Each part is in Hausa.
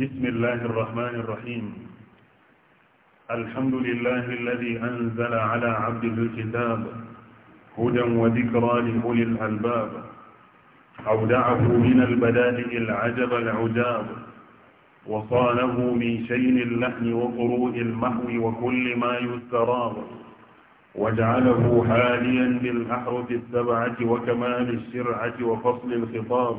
بسم الله الرحمن الرحيم الحمد لله الذي أنزل على عبده الكتاب هدى وذكرى لأولي الألباب أودعه من البدائع العجب العجاب وصانه من شين اللحن وقروء المحو وكل ما يستراب وجعله حاليا بالأحرف السبعة وكمال الشرعة وفصل الخطاب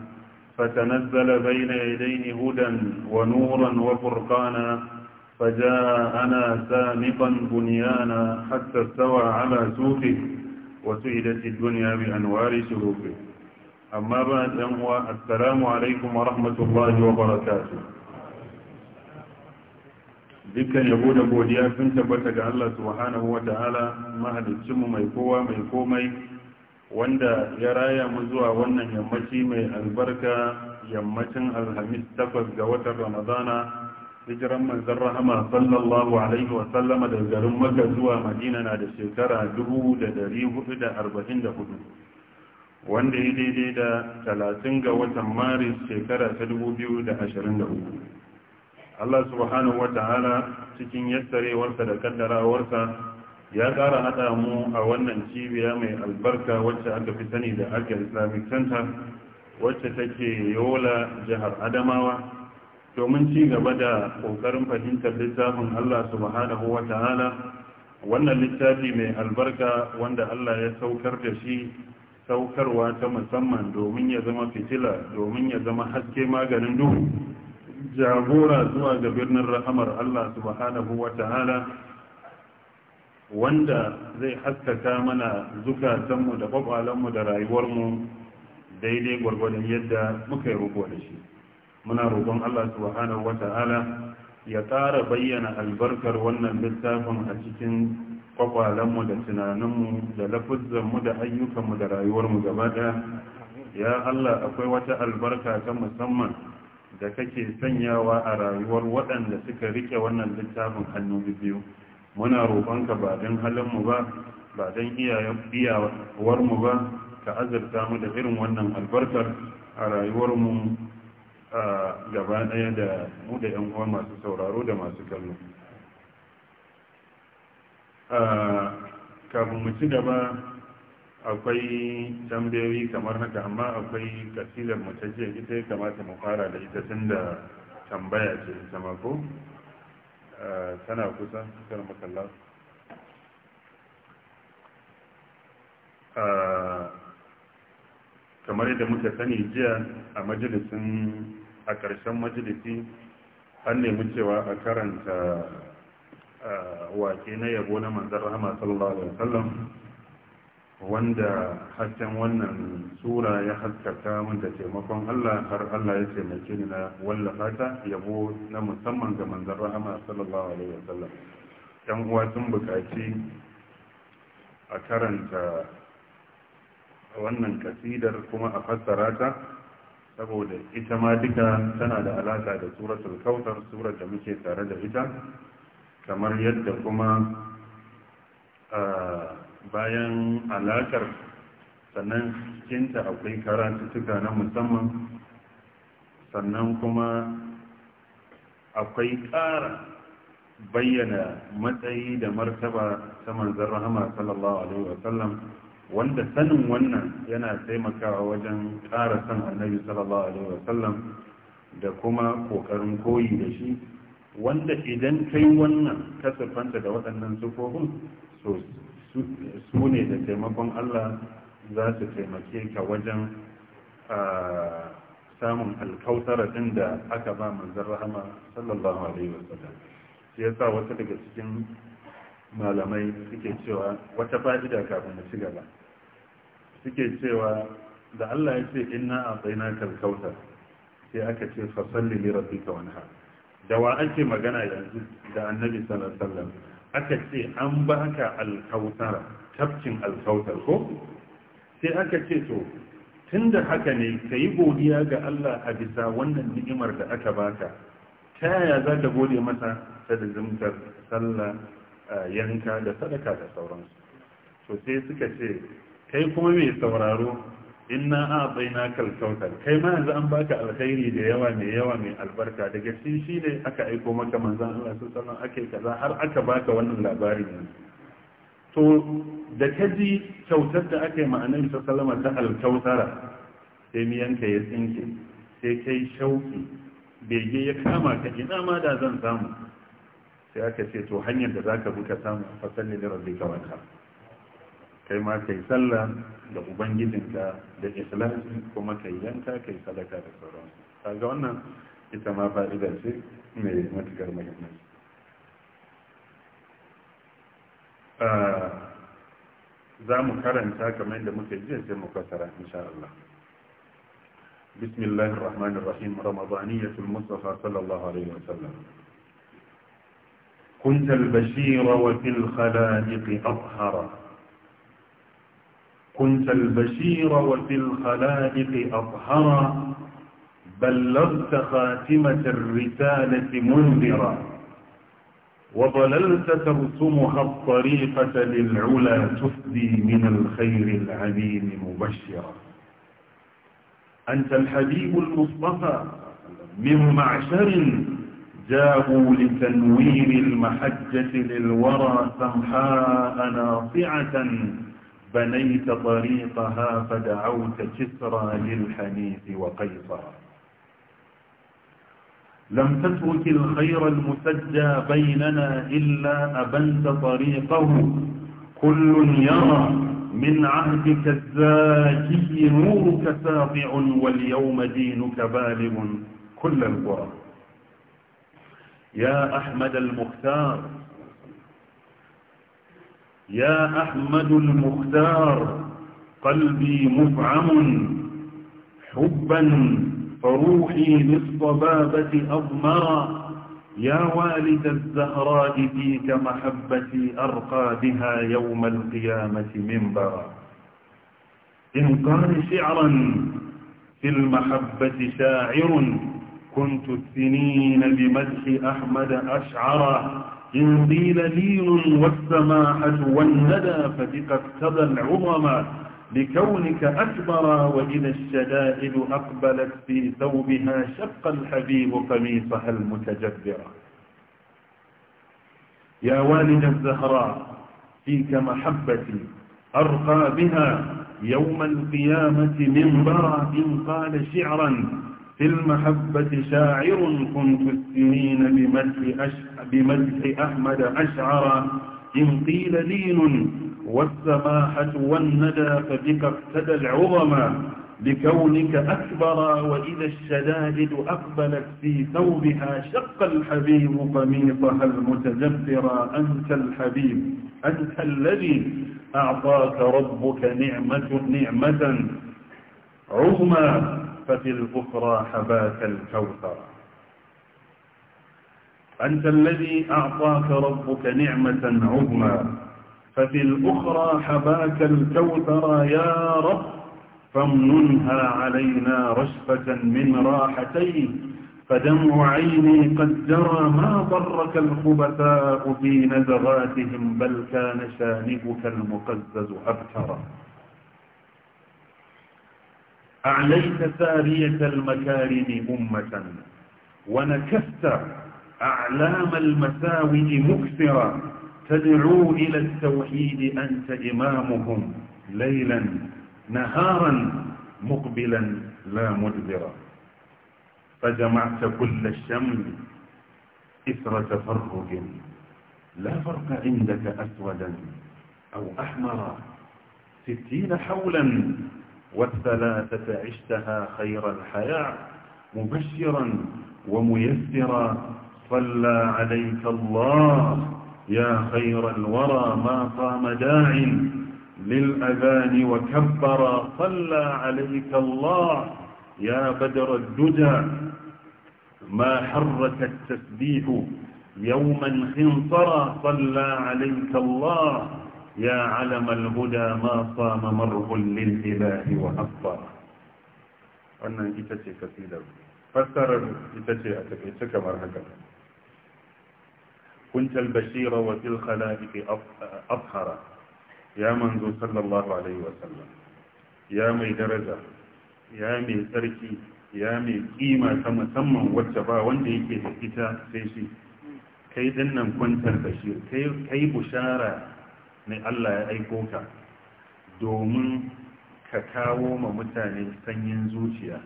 فتنزل بين يديه هدى ونورا وفرقانا فجاءنا سامقا بنيانا حتى استوى على سوقه وسئلت الدنيا بأنوار سلوكه أما بعد هو السلام عليكم ورحمة الله وبركاته dukkan yabo da godiya sun tabbata ga Allah subhanahu wa ta'ala mahalicinmu mai kowa mai komai wanda ya raya mu zuwa wannan yammaci mai albarka yammacin alhamis takwas ga watan ramadana hijiran manzan rahama sallallahu alaihi wa sallama daga garin maka zuwa madina na da shekara 1444 wanda ya daidai da talatin ga watan maris shekara ta hudu. Allah subhanahu wa ta'ala cikin yassarewarsa da kaddarawarsa ya ƙara haɗa mu a wannan cibiya mai albarka wacce aka fi sani da aka islamic center wacce take yola jihar adamawa domin ci gaba da ƙoƙarin fahimtar littafin allah subhanahu wa ta'ala wannan littafi mai albarka wanda allah ya saukar da shi saukarwa ta musamman domin ya zama fitila domin ya zama haske maganin duhu jagora zuwa ga birnin rahamar allah subhanahu wa ta'ala wanda zai haskaka mana zukatanmu da kwakwalenmu da rayuwarmu daidai gwargwadon yadda muka yi roƙo da shi muna roƙon allah subhanahu wa ta'ala ya ƙara bayyana albarkar wannan littafin a cikin kwakwalenmu da tunaninmu da lafuzzanmu da ayyukanmu da rayuwarmu gaba ɗaya ya allah akwai wata albarka ta musamman da kake sanyawa a rayuwar waɗanda suka riƙe wannan littafin hannu biyu muna roƙonka ba don halinmu ba ba don iyawarmu ba ka azurta mu da irin wannan albarkar a rayuwarmu gaba ɗaya da mu da ‘yan uwa masu sauraro da masu kallo kafin mu ci gaba akwai tambayoyi kamar haka amma akwai kasilar mu ta jiya ita ya kamata mu fara da ita tun da tambaya ce ta mako tana kusa kar makalla ah, kamar yadda muka sani jiya a majalisin a ƙarshen majalisi an nemi cewa a karanta ah, wake na yabo na manzan rahama sallallahu alaihi wasallam wanda hasken wannan sura ya haskaka wanda taimakon Allah har Allah ya taimake ni na wallafa ta yabo na musamman ga manzon rahama sallallahu alaihi wasallam yan uwa sun bukaci a karanta wannan kasidar kuma a fassara ta saboda ita ma duka tana da alaka da suratul kautar surar da muke tare da ita kamar yadda kuma ah, bayan alakar sannan cikinta akwai karatuttuka na musamman sannan kuma akwai ƙara bayyana matsayi da martaba ta manzan rahama sallallahu alaihi wasallam wanda sanin wannan yana taimakawa wajen ƙara san annabi sallallahu alaihi wasallam da kuma ƙoƙarin koyi da shi wanda idan kai wannan kasafanta da waɗannan sufofin so su ne da taimakon Allah za su taimake ka wajen samun alkautar din da aka ba manzan rahama sallallahu alaihi wasallam shi yasa wasu daga cikin malamai suke cewa wata fa'ida kafin da ci gaba suke cewa da Allah ya ce inna a tsayina kalkautar sai aka ce fasalli rabbika wanha da wa ake magana yanzu da annabi sallallahu alaihi wasallam aka ce an ba baka alkautar tafkin alkautar ko sai aka ce to da haka ne ka yi godiya ga Allah a bisa wannan ni'imar da aka baka ta yaya za ka gode masa ta da zumtar sallah yanka da sadaka da sauransu to sai suka ce kai kuma mai sauraro inna a bai na kalkautar kai ma yanzu an baka alkhairi da yawa mai yawa mai albarka daga shi shi ne aka aiko maka manzan Allah su sallan ake kaza har aka baka wannan labarin yanzu to da ka ji kyautar da aka yi ma annabi sallama ta alkautara sai miyanka ya tsinke sai kai shauki bege ya kama ka ina ma da zan samu sai aka ce to hanyar da zaka ka samu fasalli da rabbika wa ta'ala kai ma kai sallah da ubangijinka da ikhlasi kuma kai yanka kai sadaka da sauran kaga wannan ita ma fa'ida ce mai matukar muhimmanci za mu karanta kamar yadda muka jiya sai mu kwatara insha Allah بسم الله الرحمن الرحيم رمضانية المصطفى صلى الله عليه وسلم كنت البشير وفي الخلائق أظهر كنت البشير وفي الخلائق أطهرا بلغت خاتمة الرسالة منذرا وظللت ترسمها الطريقة للعلا تفدي من الخير العليم مبشرا أنت الحبيب المصطفى من معشر جاءوا لتنوير المحجة للورى سمحاء ناصعة بنيت طريقها فدعوت كسرى للحنيف وقيصر لم تترك الخير المسجى بيننا إلا أبنت طريقه كل يرى من عهدك الزاكي نورك ساطع واليوم دينك بالغ كل القرى يا أحمد المختار يا أحمد المختار قلبي مفعم حبا فروحي للصبابة أضمرا يا والد الزهراء فيك محبتي أرقى بها يوم القيامة منبرا إن قال شعرا في المحبة شاعر كنت السنين بمدح أحمد أشعرا إن قيل لين والسماحة والندى فثق اقتضى العظمى لكونك أكبر وإذا الشدائد أقبلت في ثوبها شق الحبيب قميصها المتجبرة يا والد الزهراء فيك محبتي أرقى بها يوم القيامة منبرا إن قال شعرا في المحبة شاعر كنت السنين بمدح, أحمد أشعرا إن قيل لين والسماحة والندى فبك اقتدى العظما لكونك أكبرا وإذا الشدائد أقبلت في ثوبها شق الحبيب قميصها المتجبرا أنت الحبيب أنت الذي أعطاك ربك نعمة نعمة عظمى وأنفت الأخرى حباك الكوثر أنت الذي أعطاك ربك نعمة عظمى ففي الأخرى حباك الكوثر يا رب فامننها علينا رشفة من راحتين فدمع عيني قد جرى ما ضرك الخبثاء في نزغاتهم بل كان شانبك المقزز أبترا أعليت سارية المكارم أمة ونكست أعلام المساوئ مكسرا تدعو إلى التوحيد أنت إمامهم ليلا نهارا مقبلا لا مدبرا فجمعت كل الشمل إثر تفرج لا فرق عندك أسودا أو أحمرا ستين حولا والثلاثة عشتها خير الحياة مبشرا وميسرا صلى عليك الله يا خير الورى ما قام داع للأذان وكبر صلى عليك الله يا بدر الدجى ما حرك التسبيح يوما خنصرا صلى عليك الله يا علم الهدى ما صام مره للإله وأكبر wannan ita ce kasidar fassarar ita ce a takaice kamar haka kuntal bashira wa fil khala'iqi afhara ya manzo sallallahu alaihi wa sallam ya mai daraja ya mai tsarki ya mai kima ta musamman wacce ba wanda yake da ita sai shi kai dinnan kuntal bashir kai kai bushara ne Allah ya aiko ka domin ka kawo ma mutane sanyin zuciya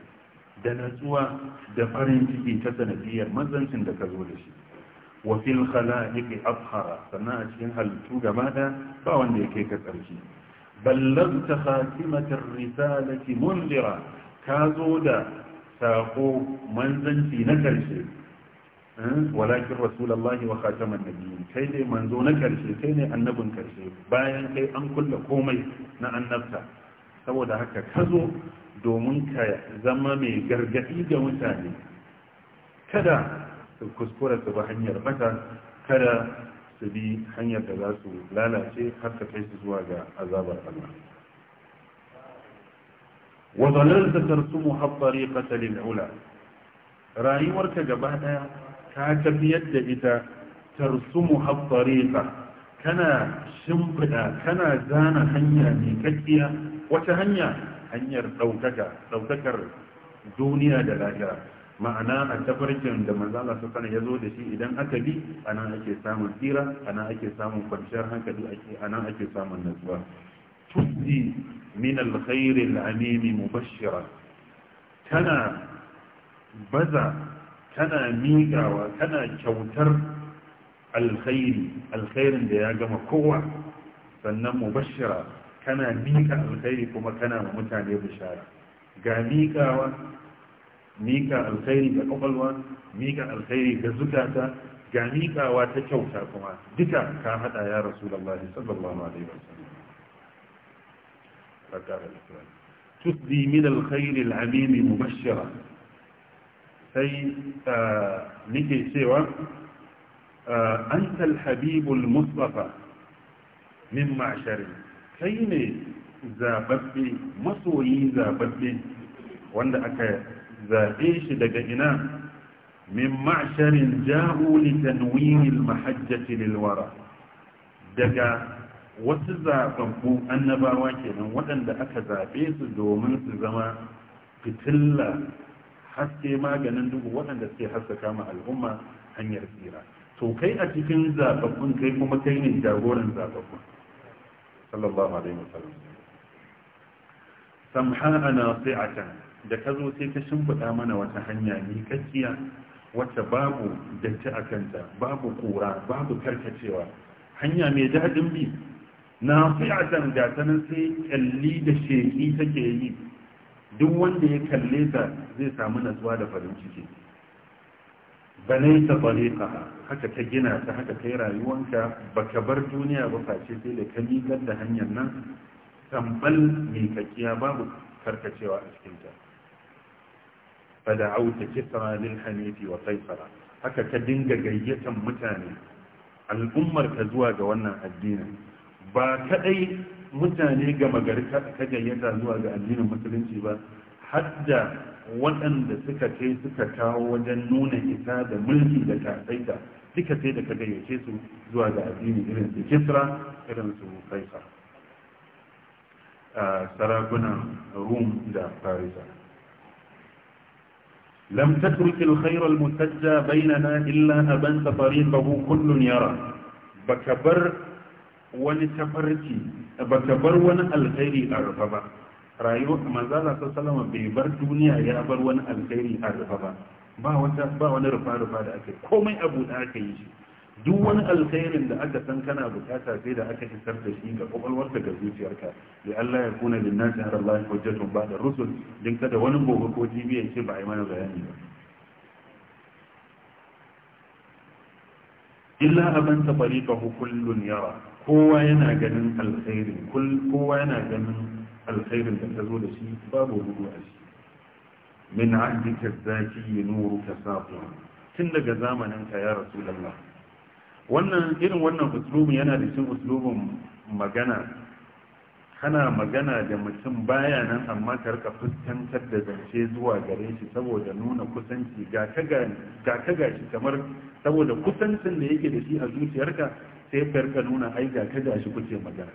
da natsuwa da farin ciki ta sanadiyar mazancin da ka zo da shi wa fil khala'iqi abhara sannan a cikin halittu gaba da ba wanda yake ka tsarki ballagta khatimatir risalati munzira ka zo da sako manzanci na karshe Hmm? walakin rasulullahi wa khataman nabiyyin kai ne manzo na karshe kai ne annabin karshe bayan kai an kulla komai na annabta saboda haka ka zo domin ka zama mai gargadi ga mutane kada su kuskura su ba hanyar bata kada su bi hanyar da za su lalace har ka kai su zuwa ga azabar Allah wa zalalta tarsumu hattariqata lil ula rayuwarka gaba daya ka tafiyar da ita tarsumu hattariqa kana shimfida kana zana hanya mai kakkiya wata hanya hanyar ɗaukaka ɗaukakar duniya da lahira ma'ana a tafarkin da manzala su sana ya zo da shi idan aka bi ana ake samun tsira ana ake samun kwanciyar hankali a ake samun natsuwa tuzzi min alkhairi al'amimi mubashshira tana baza kana miƙawa kana kyautar alkhairi alkhairin da ya gama kowa sannan mubashira kana miƙa alkhairi kuma kana ma mutane bishara ga miƙawa miƙa alkhairi ga ƙwaƙwalwa miƙa alkhairi ga zukata ga miƙawa ta kyauta kuma duka ka haɗa ya rasu da Allah sallallahu alaihi wasallam tusdi min alkhairi al'amimi mubashira sai ah, nike cewa ah, an talhabibul mustafa min ma'ashari kai ne zababbe masoyi zababbe wanda aka zaɓe shi daga ina min ma'asharin ja'u li tanwinil mahajjati wara daga wasu zababbu annabawa kenan waɗanda aka zaɓe su domin su zama fitilla haske maganin duhu waɗanda suke haskaka ma al'umma hanyar tsira to kai a cikin zababbun kai kuma kai ne jagoran zababbun sallallahu alaihi wasallam samhana nasi'atan da ka zo sai ka shimfiɗa mana wata hanya ni kakkiya wacce babu datti a kanta babu kura babu karkacewa hanya mai daɗin bi na fi'atan gatanin sai kyalli da sheƙi take yi duk wanda ya kalle ta zai samu natsuwa da farin ciki banai ta tariqa haka ta gina ta haka ta kai rayuwanka baka bar duniya ba face sai da ka miƙar da hanyar nan tambal kakiya babu karkacewa a cikin ta fada'auta kisra lil hanifi wa qaisara haka ka dinga gayyatan mutane al'ummar ka zuwa ga wannan addinin ba kadai mutane gama gari ka gayyata zuwa ga addinin musulunci ba hadda waɗanda suka kai suka kawo wajen nuna isa da mulki da tasaita duka sai da ka gayyace su zuwa ga addini irin su kisra irin su kaisar sarakunan rum da farisa lam tatruki alkhayr almustajja bainana illa abanta tariqahu kullun yara baka bar wani tafarki ba ta bar wani alkhairi a rufa ba rayuwar manzala ta salama bai bar duniya ya bar wani alkhairi a rufa ba ba wata ba wani rufa rufa da aka komai abu da aka yi shi duk wani alkhairin da aka san kana bukata sai da aka isar da shi ga kwakwalwarka ga zuciyarka ya Allah ya kuna lin nasi har Allah ya hujjatun ba da rusul din kada wani gobe ko jibiya ce ba a yi mana bayani ba illa aban tafariqahu kullun yara kowa yana ganin alkhairin kowa yana ganin alkhairin da ta zo da shi babu rudu a shi min ahdika zaki nuru ka tun daga zamanin ka ya rasulullah wannan irin wannan uslubin yana da cikin uslubin magana kana magana da mutum baya nan amma ka rika fuskantar da zance zuwa gare shi saboda nuna kusanci ga ka ga shi kamar saboda kusancin da yake da shi a zuciyarka sai farka nuna aiga ga shi gashi kuke magana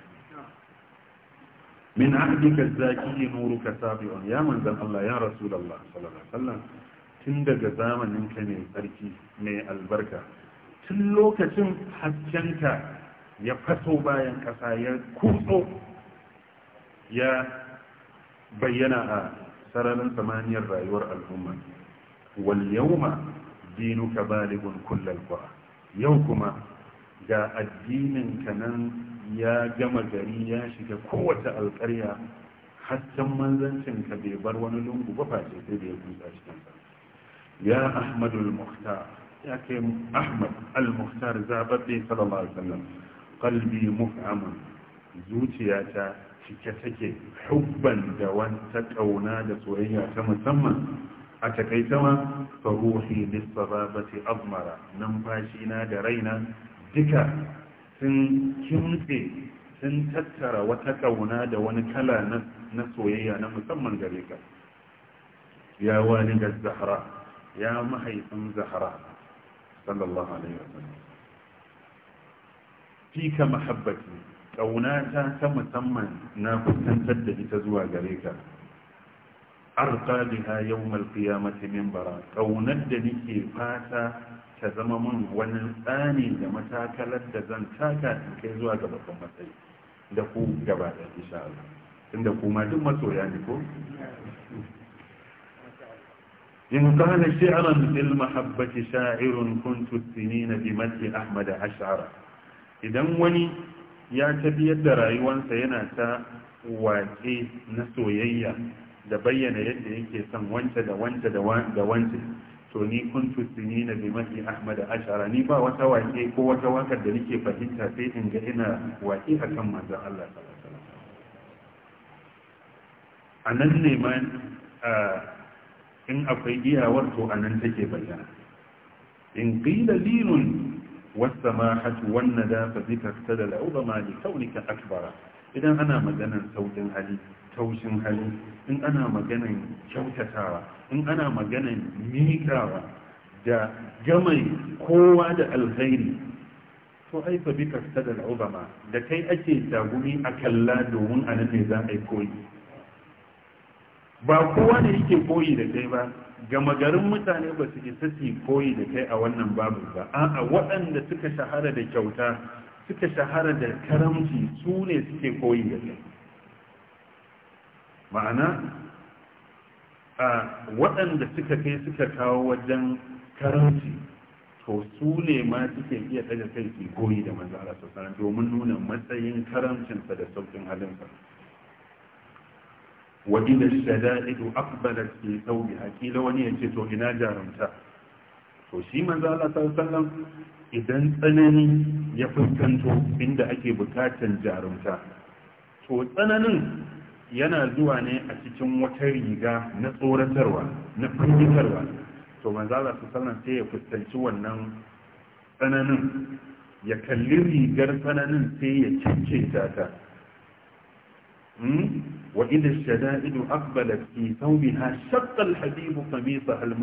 min ahdika zaki nuruka sabi'un ya manzan Allah ya rasulullah sallallahu alaihi wasallam tun daga zamanin ka ne sarki mai albarka tun lokacin haskenka ya faso bayan kasa ya kutso ya bayyana a sararin samaniyar rayuwar al'umma wal yawma dinuka baligun kullal qura yau kuma Da addinin ka nan ya gama gari ya shiga kowace alƙarya haccan manzancin ka bai bar wani lungu ba face sai da ya kusa cikin sa ya ahmadul muhtar ya kai ahmad al muhtar zababbe sallallahu alaihi wasallam qalbi muf'amun zuciyata cike take hubban da wanta kauna da soyayya ta musamman a takaita ma Faruhi, ruhi azmara numfashi na da raina duka sun kimtse sun tattara wata kauna da wani kala na soyayya na musamman gare ka ya wani da zahara ya mahaifin zahara sallallahu alaihi wasallam fika mahabbati kaunata ta musamman na kusantar da ita zuwa gare ka arqa biha yawm al-qiyamati min bara kaunar da nake fata ta zama mun wani tsani da matakalar da zan taka ta kai zuwa ga babban matsayi da ku gaba da insha Allah kuma duk masoya ne ko in kana shi'ran lil mahabbati sha'irun kuntu sinina bi madhi ahmad ash'ara idan wani ya tabbiyar da rayuwarsa yana ta waƙe na soyayya da bayyana yadda yake son wance da wance da to ni kuntu sinina bi mahi ahmad ashara ni ba wata wake ko wata wakar da nake fahimta sai in ga ina wake akan manzon Allah sallallahu alaihi wasallam anan ne ma in akwai giyawar to anan take bayyana in qila linun wasamahatu wan nadafa bika tadala ubama li kaunika akbara idan ana maganan sautin hali taushin hali in ana maganan kyautatawa in ana maganan miƙawa da gamai kowa da alhairi to ai fa bika sadal uzama da kai ake tagumi a kalla domin anan ne za a yi koyi ba kowa ne yake koyi da kai ba gama garin mutane ba su isa su koyi da kai a wannan babu ba a'a waɗanda suka shahara da kyauta suka shahara da karamci su ne suke koyi da kai ma'ana a waɗanda suka kai suka kawo wajen karanci to su ne ma suke iya ɗaga kai ke koyi da manzo Allah domin nuna matsayin karamcinsa da saukin halinsa wa ido shada'idu ke fi a hakila wani ya ce to ina jarumta to shi manzo Allah sallallahu idan tsanani ya fuskanto inda ake bukatan jarumta to tsananin yana zuwa ne a cikin wata riga na tsoratarwa na fahimtarwa, to manzala su sallan sai ya fuskanci wannan tsananin ya kalli rigar tsananin sai ya cince ta ta hmm? wa idan shada'idu aqbala fi thawbiha shaqqa al-habib qamisa a nan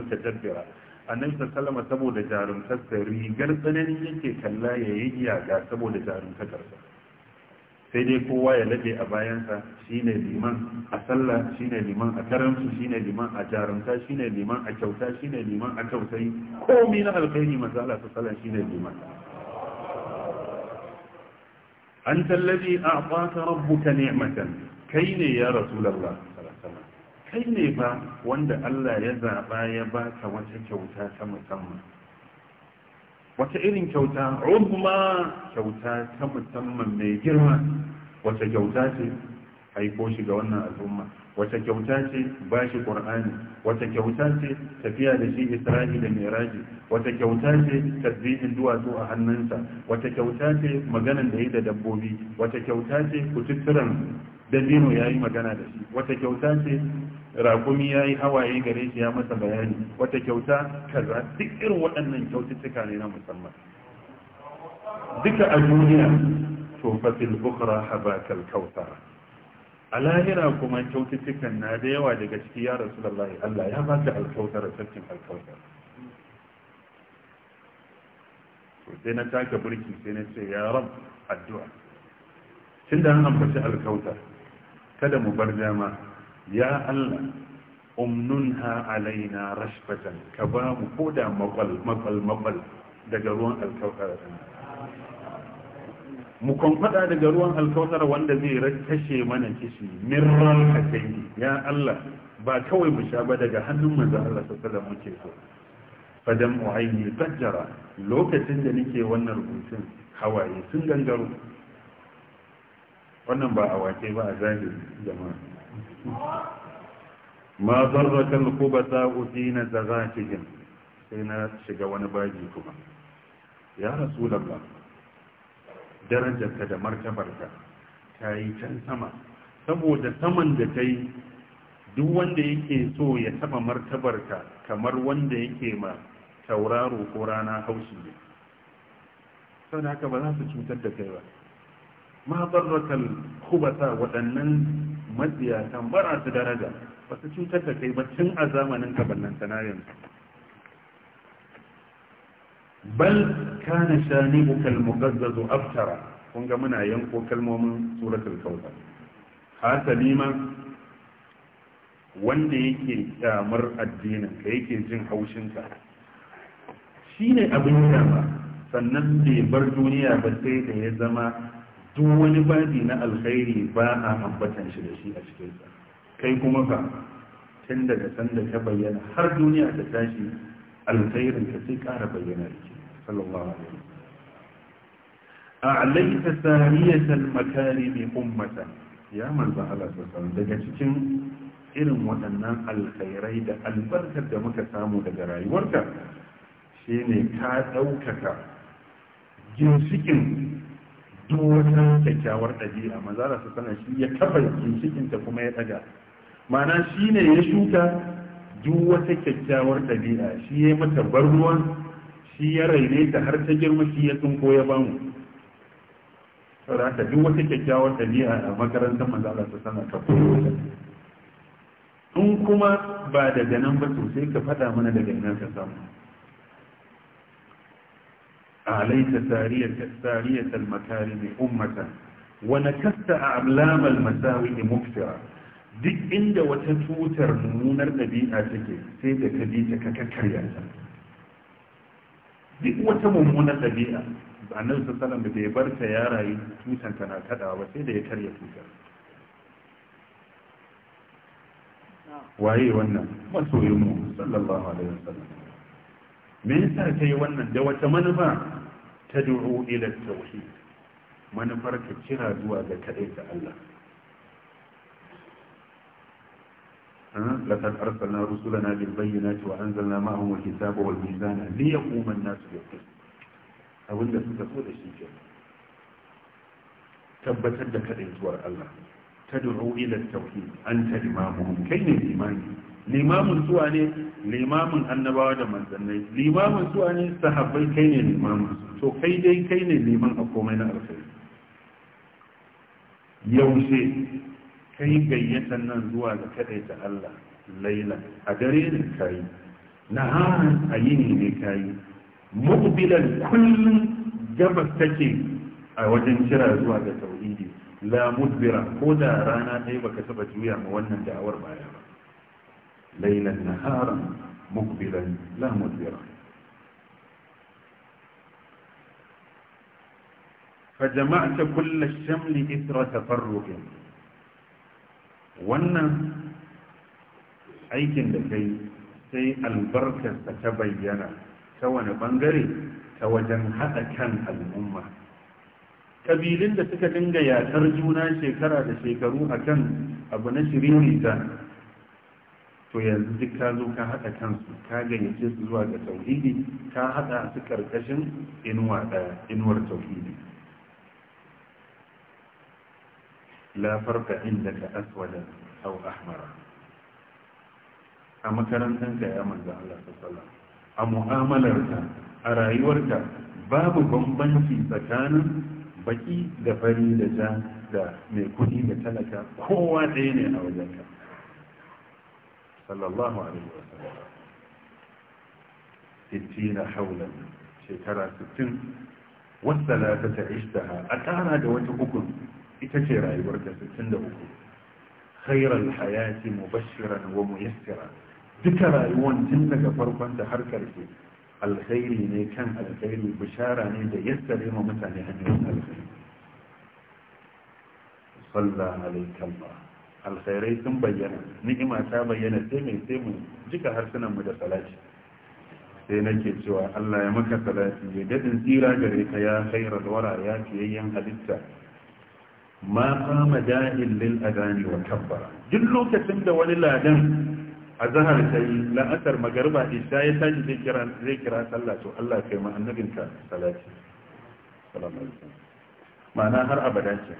annabi sallama saboda jarumtar rigar tsananin yake kalla ya yi yaga saboda jarumtar sai dai kowa ya laɓe a bayansa shine liman a sallah shine liman a shi shine liman a jarumta shine liman a kyauta shine liman a kyautayi komi na alkhairi manzo Allah ta sallah ne liman tallabi a a'taka rabbuka ni'matan kai ne ya rasu rasulullah kai ne ba wanda Allah ya zaɓa ya ba ta wata kyauta ta musamman wata irin kyauta umma kyauta ta musamman mai girma wata kyauta ce aiko shi ga wannan al'umma wata kyauta ce bashi qur'ani wata kyauta ce tafiya da shi isra'i da miraji wata kyauta ce tasbihin duwatsu a hannunsa wata kyauta ce maganan da yi da dabbobi wata kyauta ce kututturan dabino ya yi magana da shi wata kyauta ce rakumi ya yi hawaye gare shi ya masa bayani wata kyauta kaza duk irin waɗannan kyaututtuka ne na musamman duka a duniya to fasil bukhra habakal kautsara a lahira kuma kyaututtukan na da yawa daga ciki ya rasu da Allah ya ba ta alkautar sarkin alkautar sai na taka burki sai na ce ya rab addu'a tun da an ambaci alkautar kada mu bar dama ya Allah ha alaina rashfatan ka ba mu koda makwal makwal makwal daga ruwan alkautar mu kwamfada daga ruwan alkawtar wanda zai kashe mana kishi mirran hakani ya Allah ba kawai mu sha ba daga hannun manzo Allah sallallahu muke so fadam uaini tajjara lokacin da nake wannan rubutun hawaye sun gangaro wannan ba a wace ba a zahiri jama'a ma zarraka al udina zagatihim sai na shiga wani baji kuma ya rasulullah darajarka da martabarka ta yi can sama saboda saman da ta yi duk wanda yake so ya taba martabarka kamar wanda yake ma tauraro ko rana haushi ne sau da haka ba za su cutar da kai ba mahabarrakal kubata waɗannan matsiyatan bara su daraja ba su cutar da kai ba tun a zamanin kabannanta na yanzu bal kana shanibuka al-muqazzaz aftara kun ga muna yanko kalmomin suratul kawthar Ha Salima, wanda yake kyamar addinin ka yake jin haushin ka shine abin kyama sannan bai bar duniya ba sai da ya zama duk wani babi na alkhairi ba a ambatan shi da shi a cikin kai kuma ka tun daga sanda ka bayyana har duniya ta tashi alkhairin ka sai ƙara bayyana da sallallahu alaihi a'laita sariyatal makarimi ummata ya manzo Allah sallallahu daga cikin irin waɗannan alkhairai da albarkar da muka samu daga rayuwarka shine ta ɗaukaka ginshikin duk wata kyakkyawar ɗabi'a manzo Allah sallallahu shi ya kafa ginshikin ta kuma ya daga ma'ana ne ya shuka duk wata kyakkyawar ɗabi'a shi ya mata barruwan shi ya raine ta har ta girma shi ya tsinko ya bamu saboda haka duk wata kyakkyawar ɗabi'a a makarantar manzo Allah ta sana ka koyo in kuma ba daga nan ba sosai ka faɗa mana daga ina ka samu alaita sariyata sariyata mai ummata wa nakasta a'lam al-masawi muftira duk inda wata tutar mummunar ɗabi'a take sai da ka bi ta ka kakkarya ta duk wata mummunar ɗabi'a annabi sallallahu alaihi bai bar ta ya rayu tutan tana kaɗawa ba sai da ya karya tutar waye wannan masoyin mu sallallahu alaihi wasallam me yasa kai wannan da wata manufa tad'u ila tauhid manufar ka kira zuwa ga da Allah لقد أرسلنا رسلنا بالبينات وأنزلنا معهم الكتاب والميزان ليقوم الناس بالقسط أقول لك تقول الشيء tabbatar da kaɗaituwar Allah ta duro ila an ta limamuhum kai ne limami limamin suwa ne limamin annabawa da manzannai limamin suwa ne sahabbai kai ne limamin to kai dai kai ne liman a komai na alkhairi yaushe kai gayyatan nan zuwa ga kaɗaita Allah lailan a dare ne kayi naharan a yini ne kayi mubilan kullum gabas take a wajen kira zuwa ga tauhidi la mudbira ko da rana ɗaya baka taba juya ma wannan da'awar baya ba lailan naharan mukbilan la mudbira فجمعت كل الشمل إثر تفرق wannan aikin da kai sai albarkarsa ta bayyana ta wani bangare ta wajen haɗa kan al'umma ƙabilun da suka dinga yatar juna shekara da shekaru a kan abu na shirin to yanzu duk ka zo ka haɗa kansu ka gayyace su zuwa ga tauhidi ka haɗa su ƙarƙashin inuwar tauhidi la farka indaka aswada aw ahmara a makarantar ka ya manzo Allah sallallahu a mu'amalarka a rayuwarka babu bambanci tsakanin baki da fari da ja da mai kudi da talaka kowa ɗaya ne a wajenka sallallahu alaihi wasallam sittina haulan shekara sittin wasu talata ta ishtaha a tara da wata hukun ita ce rayuwarta ta 63 khairal hayati mubashiran wa muyassira duka rayuwar tun daga farkon da har karshe alkhairi ne kan alkhairi bishara ne da yassare ma mutane hanyoyin alkhairi salla alaika Allah alkhairai sun bayyana ni'ima ta bayyana sai mai sai mu jika harsunan mu da salati sai nake cewa Allah ya maka salati ya dadin tsira gare ka ya khairal wara ya fiyayyen halitta ma kama da'in lil adani wa kabbara duk lokacin da wani ladan a zahar ta la'asar magarba isha ya tashi zai kira zai kira sallah to Allah kai ma annabinka salati salamu alaikum ma'ana har abada ce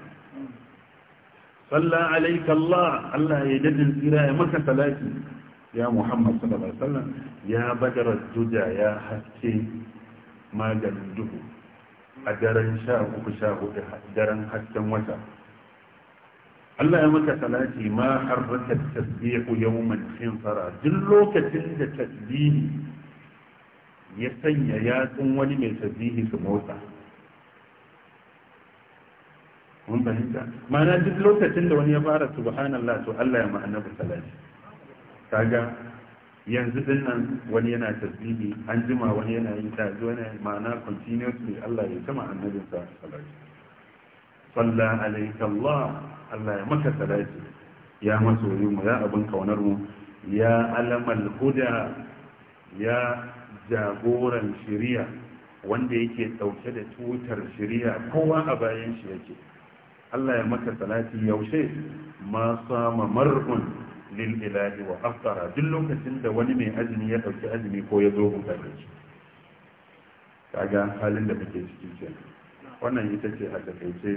sallah alaika Allah Allah ya dadin tsira ya maka salati ya Muhammad sallallahu alaihi wasallam ya badara duja ya haske maganin duhu a daren sha uku sha hudu daren hasken wata Allah ya maka salati ma harraka tasbihu yawman fara. duk lokacin da tasbihi ya sanya yatsun wani mai tasbihi su motsa mun fahimta ma'ana duk lokacin da wani ya fara subhanallah to Allah ya ma'annabi salati kaga yanzu din nan wani yana tasbihi an jima wani yana yi ta wani ma'ana continuously Allah ya sama annabin sa salati salla alayka Allah Allah ya maka salati ya masoyi mu ya abin kaunar mu ya alamal huda ya jagoran shari'a wanda yake dauke da tutar shari'a kowa a bayan shi yake Allah ya maka salati yaushe ma sama mar'un lil ilahi wa afkara duk lokacin da wani mai azumi ya ɗauki azumi ko ya zo buɗa da shi kaga halin da muke ciki ce wannan ita ce a takaice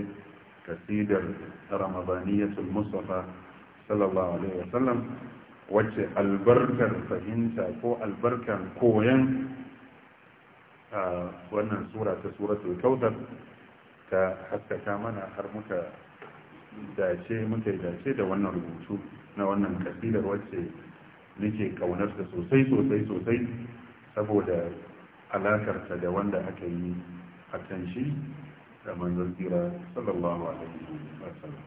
kasidar ramadaniyatul mustafa sallallahu alaihi wasallam wacce albarkar fahimta ko albarkar koyan wannan sura ta suratul kautar ta haskaka mana har muka dace muka yi dace da wannan rubutu na wannan kasidar wacce nake ƙaunarta sosai sosai sosai saboda alakarta da wanda aka yi a can shi da manzan tsira sallallahu alaihi wa sallam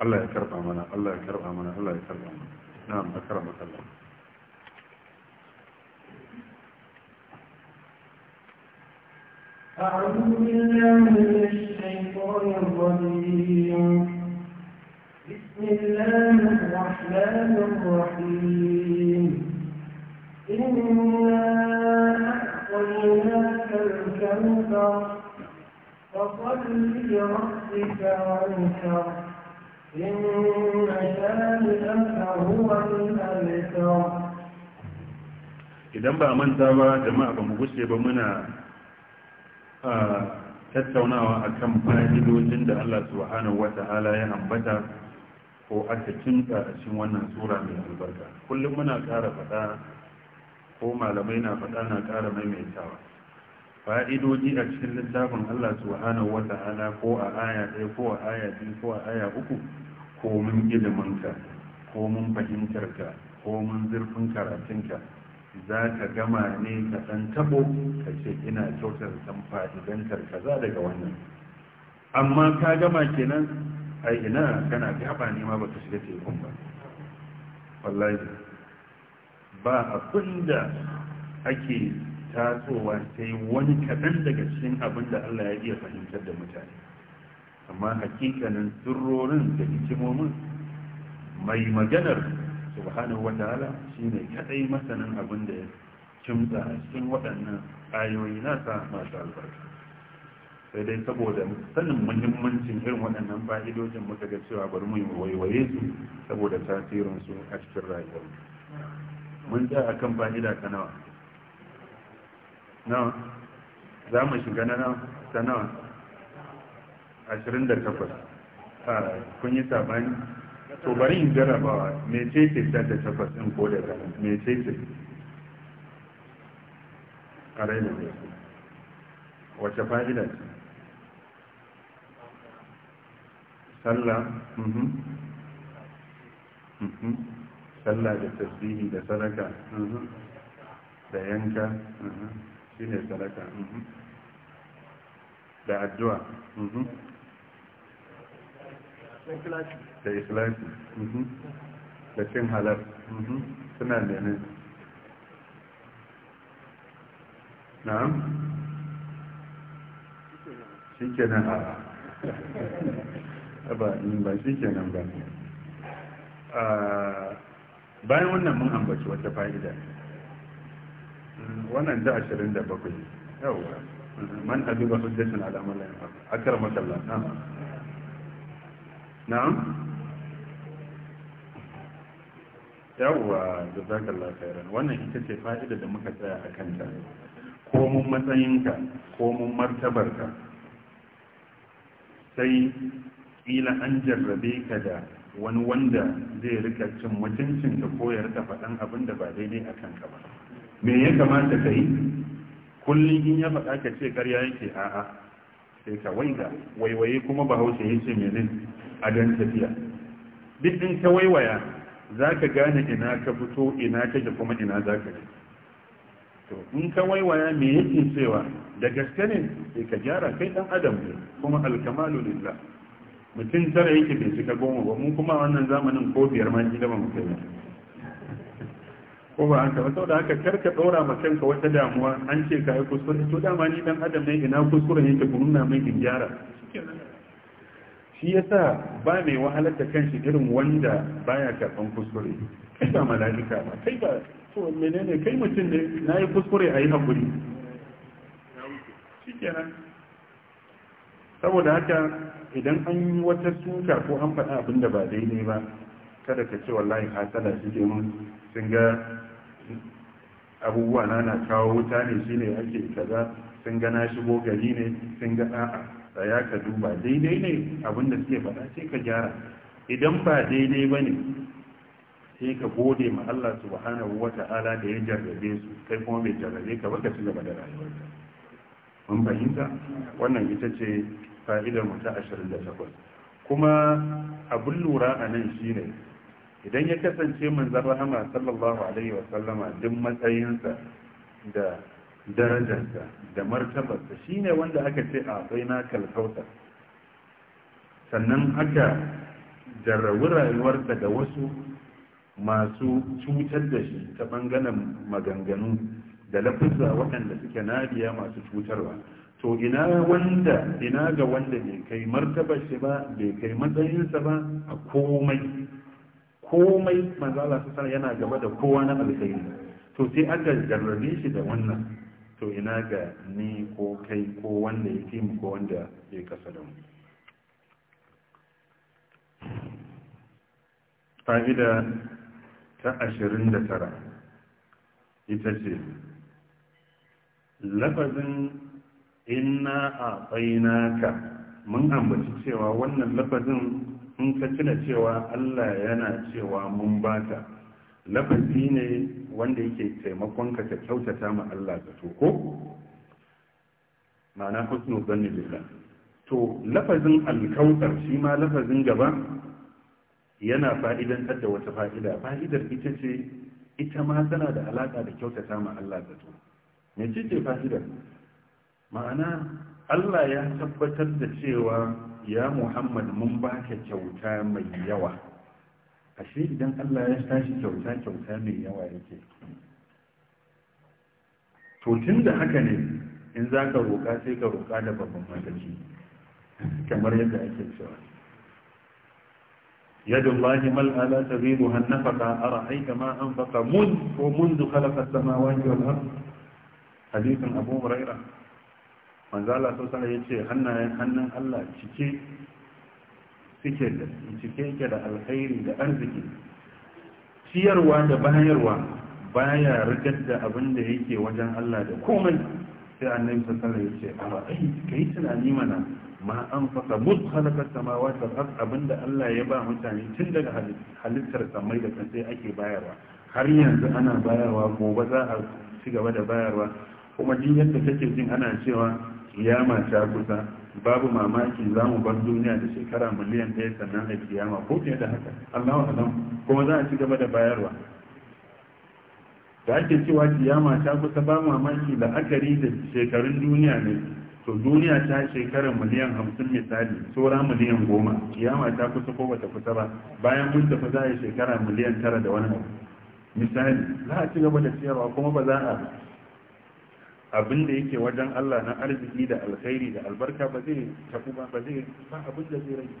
Allah ya karba mana Allah ya karba mana Allah ya karba mana na'am akrama sallallahu أعوذ بالله من الشيطان الرجيم بسم الله الرحمن الرحيم إنا أعطيناك الكوثر فصل لربك وانحر إن شانئك هو الأبتر إذا بقى من تابع جماعة مغسل tattaunawa a kan fa'idojin da Allah subhanahu wata'ala ya ambata ko aka cinta a cikin wannan tsura mai albarka kullum muna ƙara faɗa ko malamai na faɗa na ƙara maimaitawa fa'idoji a cikin littafin Allah subhanahu wata'ala ko a aya ɗaya ko a aya biyu ko a aya uku ko mun iliminka ko mun fahimtarka ko mun zurfin karatunka za ka gama ne ka ɗan tabo ka ce ina kyautar san fa'idantar za daga wannan amma ka gama kenan a ina kana gaba ne ma ka shiga tekun ba wallahi ba abinda ake ta yi wani kaɗan daga cikin abin da Allah ya iya fahimtar da mutane amma hakikanin sirrorin da hikimomin mai maganar subhanahu wa ta'ala shine kadai masanin abin da ya kimsa a cikin waɗannan ayoyi nasa masu albarka sai dai saboda sanin muhimmancin irin waɗannan fa'idojin muka ga cewa bari mu waiwaye su saboda tasirin su a cikin rayuwar mun tsaya akan fa'ida ta nawa nawa za mu shiga na ta nawa 28 kun yi sabani to bari in jarabawa mece ce ta da takwas ɗin ko da gana mece ce a raina ne wace fa'ida ce sallah mhm. Mhm. sallah da tasbihi da sadaka mhm. da yanka shi ne sadaka da addu'a da islasi mhm. da cin halar mhm. suna neman na'am shi ke nan a ba ba shi ah, ke nan ba bayan wannan mun ambaci wata fa'ida mm, wannan da ashirin da bakwai yawwa mm, man abu ba hujjatun al'amuran akar matalla na na'am yawwa da zakallah khairan wannan ita ce fa'ida da muka tsaya a kanta komun matsayinka komun martabarka sai ƙila an jarrabe ka da wani wanda zai rika cin mutuncin ka koyar ya faɗan abin da ba daidai a kanka ba me ya kamata ka yi kullum in ya faɗa ka ce ƙarya yake a'a sai ka waiwaye kuma bahaushe ya ce menin a don tafiya duk in ka waiwaya za ka gane ina ka fito ina ka ji kuma ina za ka je to in ka waiwaya me yake cewa da gaske ne sai ka gyara kai dan adam ne kuma alkamalu lillah mutum tara yake bai cika goma ba mu kuma wannan zamanin ko biyar ma gida ba mu kai ko ba an taɓa saboda haka kar ka ɗora ma kanka wata damuwa an ce ka yi kuskure to dama ni dan adam ne ina kuskure yake ku nuna min in gyara shi yasa ba mai wahalar da kanshi irin wanda baya karɓan kuskure kai ba mala'ika ba kai ba to menene kai mutum ne na yi kuskure a yi haƙuri saboda haka idan an yi wata suka ko an faɗa abin da ba daidai ba kada ka ce wallahi hasala shi ke mun sun ga abubuwa na na kawo wuta ne shine ake kaza sun ga na shigo gari ne sun ga a'a da ya ka duba daidai ne abinda suke faɗa sai ka gyara idan ba daidai ba ne sai ka gode ma Allah subhanahu wa ta'ala da ya jarrabe su kai kuma bai jarrabe ka ba ka ci gaba da rayuwarka mun fahimta wannan ita ce fa'idar mu ta 28 kuma abin lura a nan shine idan ya kasance manzan rahama sallallahu alaihi wa sallama duk matsayinsa da darajarsa da martabarsa shine wanda aka ce a na kalkauta sannan haka jarrawi rayuwarsa da wasu masu cutar da shi ta bangaren maganganu da lafuzza waɗanda suke nadiya masu cutarwa to ina wanda ina ga wanda bai kai martabar shi ba bai kai matsayinsa ba a komai komai manzo Allah yana gaba da kowa na alkhairi to sai aka jarrabe shi da wannan to ina ga ni ko kai ko wanda ya mu ko wanda ya kasa da mu fa'ida ta ashirin tara ita ce lafazin inna a ka mun ambaci cewa wannan lafazin in ka tuna cewa Allah yana cewa mun baka lafazi ne wanda yake taimakon ka ta kyautata ma Allah ka to ko ma'ana husnul zanni billah to lafazin alkautar shi ma lafazin gaba yana fa'idan da wata fa'ida fa'idar ita ce ita ma tana da alaƙa da kyautata ma Allah da to me ce fa'idar ma'ana Allah ya tabbatar da cewa ya muhammad mun baka kyauta mai yawa ashe idan allah ya tashi kyauta kyauta mai yawa yake to tun da haka ne in za ka roƙa sai ka roƙa da babban matashi kamar yadda ake cewa yadda Allah mal'ala ta zai ruhan nafaka a ra'ai kama an faka mun ko mun zu halaka samawa yau har hadisin abu hurairah wanzu Allah sun ya yace hannayen hannun Allah cike da cike yake da alkhairi da arziki ciyarwa da bayarwa baya rigar da abin da yake wajen Allah da komai sai annabi sosai ya ce amma ai kai tunani mana ma an fasa mut halakar samawa da fas da Allah ya ba mutane tun daga halittar samai da sai ake bayarwa har yanzu ana bayarwa gobe za a ci gaba da bayarwa kuma jin yadda take jin ana cewa kiyama ta kusa babu mamaki za mu bar duniya da shekara miliyan ɗaya sannan a kiyama ko fiye da haka allahu alam kuma za a ci gaba da bayarwa da ake cewa kiyama ta kusa ba mamaki la'akari da shekarun duniya ne to duniya ta shekarar miliyan hamsin misali saura miliyan goma kiyama ta kusa ko bata kusa ba bayan mun tafi za a yi shekara miliyan tara da wani abu misali za a ci gaba da ciyarwa kuma ba za a abin da yake wajen Allah na arziki da alkhairi da albarka ba zai tafi ba ba zai ba abin da zai rage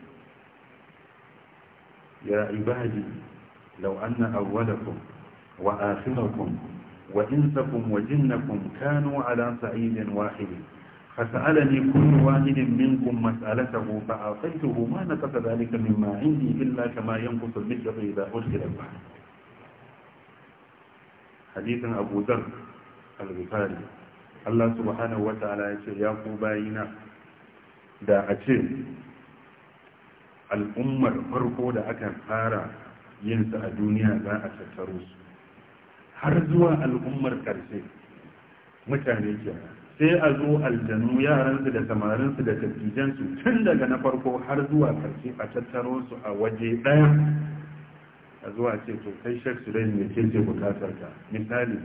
ya ibadi law anna awwalakum wa akhirakum wa insakum wa jinnakum kanu ala sa'idin wahid فسألني كل واحد منكم مسألته فأعطيته ما نقص ذلك مما عندي إلا كما ينقص المشر إذا أشكل البحر حديث أبو al-Bukhari. Allah subhanahu wa ta'ala ya ce ya ku bayina da a ce al'ummar farko da aka fara yin su a duniya za a tattaro su har zuwa al'ummar karshe mutane ke, sai a zo aljanu yaransu da samarinsu da tafijansu tun daga na farko har zuwa karshe a tattaro su a waje ɗaya a zuwa ce to kai shek su rai mai ce bukatar ka misali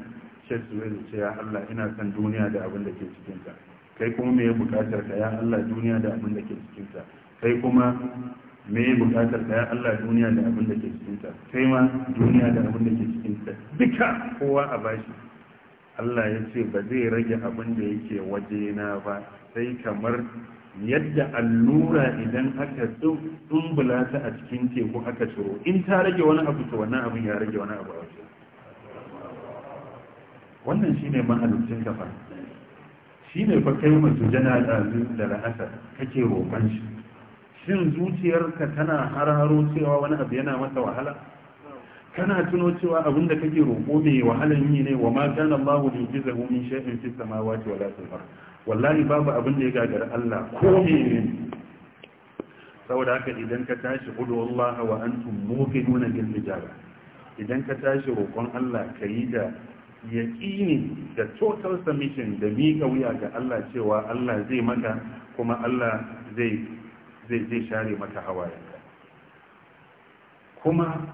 sai su yi ce ya Allah ina son duniya da abin da ke cikinta kai kuma me ya bukatar ka ya Allah duniya da abin da ke cikinta kai kuma me ya bukatar ka ya Allah duniya da abin da ke cikinta kai ma duniya da abin da ke cikinta duka kowa a bashi Allah ya ce ba zai rage abin da yake wajena ba sai kamar yadda allura idan aka tsumbula ta a cikin teku aka ciro in ta rage wani abu to wannan abin ya rage wani abu a wajen wannan shine mahalicin ka fa shine fa kai mutu jana da da kake roƙon shi shin zuciyarka tana hararo cewa wani abu yana mata wahala kana tuno cewa abin da kake roƙo mai wahalar yi ne wa ma kana Allahu yujizahu min shay'in fis samawati wala fil ard wallahi babu abin da ya gagara Allah ko ne saboda haka idan ka tashi udu Allah wa antum muqinuna bil jara. idan ka tashi roƙon Allah kayi da yaƙini da total submission da miƙa wuya ga Allah cewa Allah zai maka kuma Allah zai zai share maka hawayenka kuma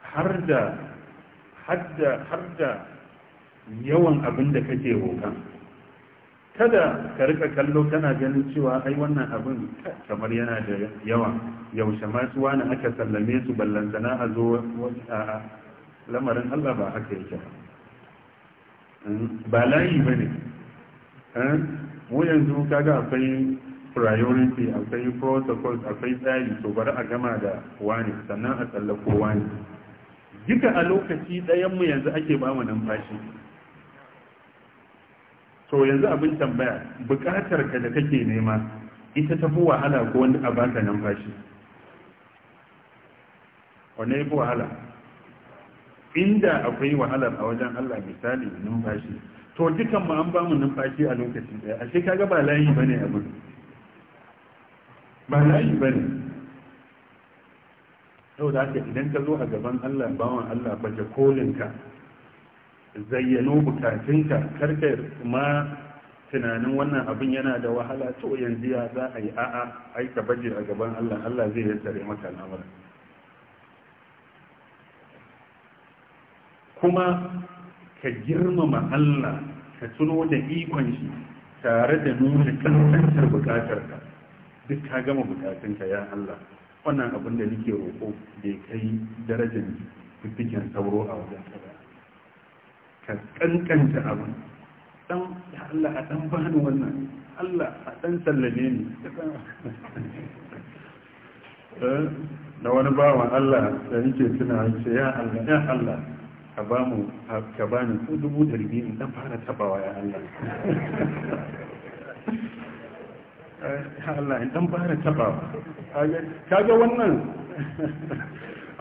har da har da yawan abin da kake hoka kada ka rika kallo kana ganin cewa ai wannan abin kamar yana da yawa yaushe masu wani aka sallame su ballantana a zo lamarin Allah ba haka yake ba hmm, ba layi ba ne hmm, mu yanzu kaga akwai priority akwai protocols akwai tsari to bari a gama da wani sannan a tsallako wani duka a lokaci mu yanzu ake ba mu numfashi to yanzu abin tambaya bukatar ka da kake nema ita ta fi wahala ko wanda a baka numfashi wane ya fi wahala inda akwai wahalar a wajen Allah misali numfashi to dukan mu an bamu numfashi a lokaci daya ashe kaga ba layi bane abin ba layi bane yau da haka idan ka zo a gaban Allah bawan Allah baje ka, zayyano bukatunka karka ma tunanin wannan abin yana da wahala to yanzu ya za a yi a'a aika baje a gaban Allah Allah zai yassare maka lamarin kuma ka girmama Allah ka tuno da ikon shi tare da nuna kankantar bukatarka duk ka gama bukatunka ya Allah wannan abin da nake roƙo da kai darajar fifikin sauro a wajen ba ka kankanta abin dan ya Allah a dan bani wannan Allah a dan sallame ni eh, da wani bawan Allah da yake tunawa ya Allah ya Allah ka ba mu ka ba ni ko dubu da ribi in dan fara tabawa ya Allah Allah in dan fara tabawa kaga wannan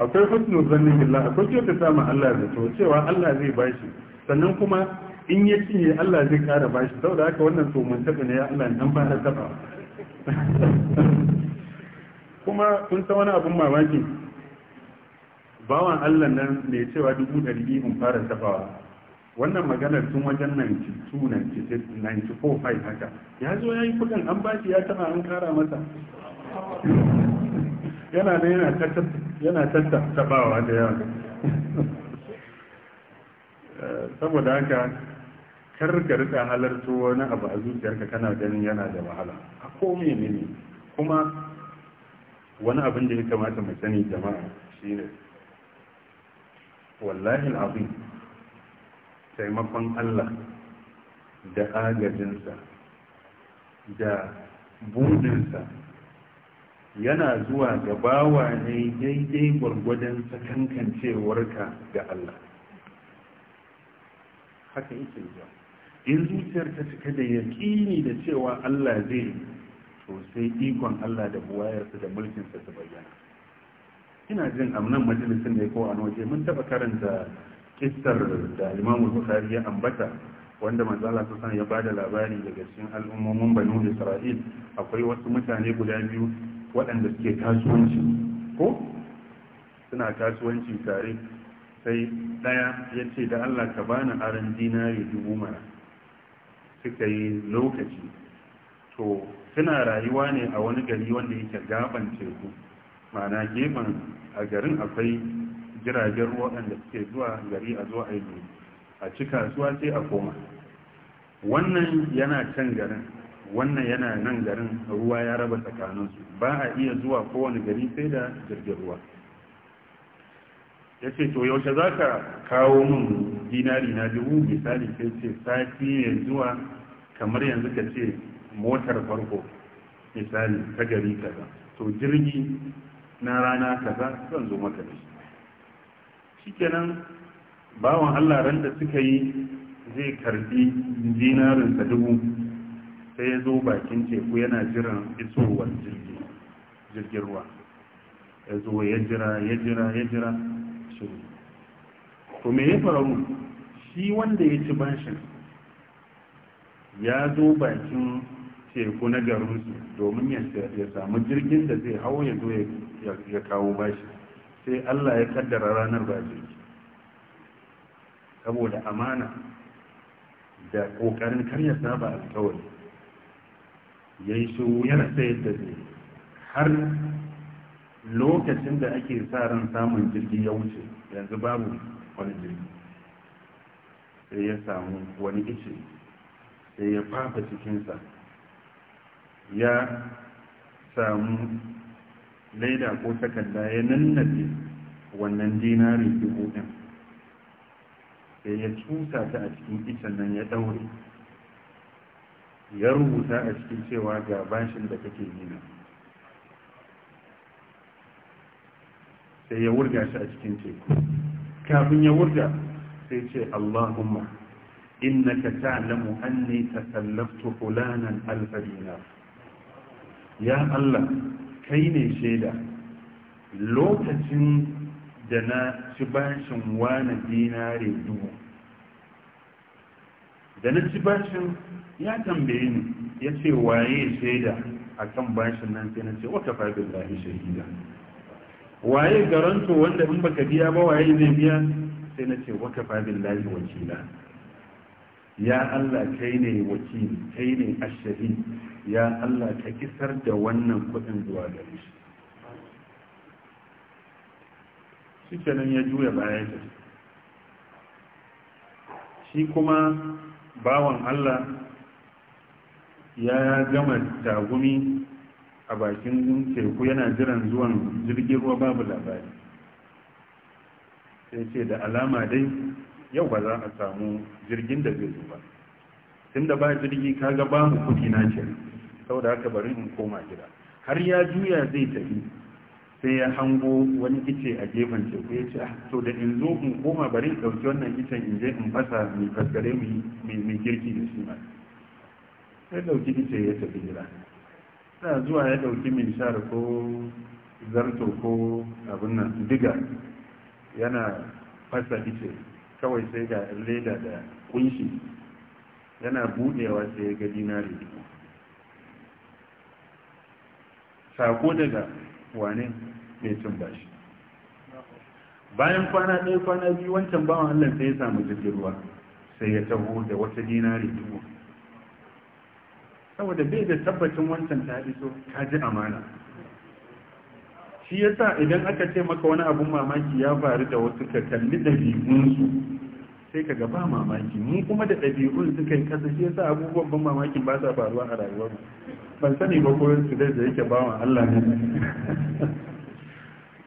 akwai husnul zanni billah akwai kyauta sama Allah da to cewa Allah zai bashi sannan kuma in ya cinye Allah zai kara bashi saboda haka wannan to mun taɓa ne ya Allah in dan fara tabawa kuma kun ta wani abun mamaki bawan allah nan mai cewa dubu ɗari biyu mun fara tafawa wannan maganar tun wajen 92-94 haka ya zo ya yi kudin an shi ya taba an kara masa yana da yana tattabawa da yawa saboda haka karkar rika halarta wani abu a zuciyarka kana ganin yana da wahala a komai ne kuma wani abin da ya kamata mai sani jama'a shi ne. wallahi al'azim taimakon Allah da agajinsa da budinsa yana zuwa ga bawa ne daidai gwargwadon sakankancewarka ga Allah haka yake zuwa in zuciyar ta cika da yaƙini da cewa Allah zai sosai ikon Allah da buwayarsa da mulkinsa su bayyana ina jin a nan majalisin ne ko a waje mun taba karanta kistar da imamu bukari ya ambata wanda matsala su ya ba da labari daga cikin al'ummomin banu isra'il akwai wasu mutane guda biyu waɗanda suke kasuwanci ko suna kasuwanci tare sai ɗaya ya ce da allah ka bani aron dinari dubu mara suka yi lokaci to suna rayuwa ne a wani gari wanda yake gaban teku mana gefen a garin akwai jiragen ruwa waɗanda suke zuwa gari a zuwa aiki a cika kasuwa sai a koma wannan yana can garin wannan yana nan garin ruwa ya raba tsakaninsu ba a iya zuwa kowane gari sai da jirgin ruwa ya ce to yaushe za ka kawo mun dinari na dubu misali sai ce sati ne zuwa kamar yanzu ka ce motar farko misali ta gari kaza to jirgi na rana kaza zan zo maka da shi shikenan bawan Allah ran da suka yi zai karbi dinarin sa dubu sai ya zo bakin teku yana jiran isowar jirgi jirgin ruwa ya zo ya jira ya jira ya jira shiru to me ya faru shi wanda ya ci bashin ya zo bakin teku na garinsu domin ya samu jirgin da zai hau ya zo ya ya kawo bashi sai Allah ya kaddara ranar ba saboda amana da kokarin karya saba alkawari ya yi shiru yana sayar da zai har lokacin da ake sa ran samun jirgi ya wuce yanzu babu wani jirgi sai ya samu wani ice sai ya fafa cikinsa ya samu laida ko takarda ya nannade wannan dinari dubu ɗin sai ya cusa ta a cikin kitan nan ya ɗaure ya rubuta a cikin cewa ga bashin da kake nina sai ya wurga shi a cikin teku kafin ya wurga sai ce allahumma innaka ta'lamu anni tasallaftu fulanan alfa ya allah kai ne shaida lokacin da na ci bashin wani dinare dubu da na ci bashin ya tambaye ni ya ce waye shaida a kan bashin nan sai na ce wata fabin lahi shahida waye garanto wanda in baka biya ba waye zai biya sai na ce waka fabin lahi wakila ya Allah kai ne waki, kai ne ashahid ya Allah ka kisar da wannan kudin zuwa da shi shi nan ya juya baya ta shi kuma bawan Allah ya gama tagumi a bakin teku yana jiran zuwan jirgin ruwa babu labari sai ce da alama dai yau ba za a samu jirgin da zai zo ba tun da ba jirgi kaga ba mu kudi na ce saboda haka bari in koma gida har ya juya zai tafi sai ya hango wani ice a gefen teku ya ce ah, to da in zo in koma bari in ɗauki wannan icen in je in fasa mai faskare mai girki da shi ma ya ɗauki ice ya tafi gida sa zuwa ya ɗauki min shar ko zarto ko abin nan diga yana fasa ice kawai sai ga leda da kunshi yana budewa sai ya ga dinari sako daga wane mai cin bashi bayan kwana ɗaya kwana biyu wancan bawan allah sai ya samu jirgin ruwa sai ya taho da wata dinari dubu saboda bai da tabbacin wancan ta iso ta ji amana shi yasa idan aka ce maka wani abun mamaki ya faru da wasu ka ɗabi'unsu sai ka gaba mamaki mu kuma da ɗabi'un suka yi kasa shi yasa abubuwan ban mamakin ba sa faruwa a rayuwar ban sani ba koyon su da yake wa Allah ne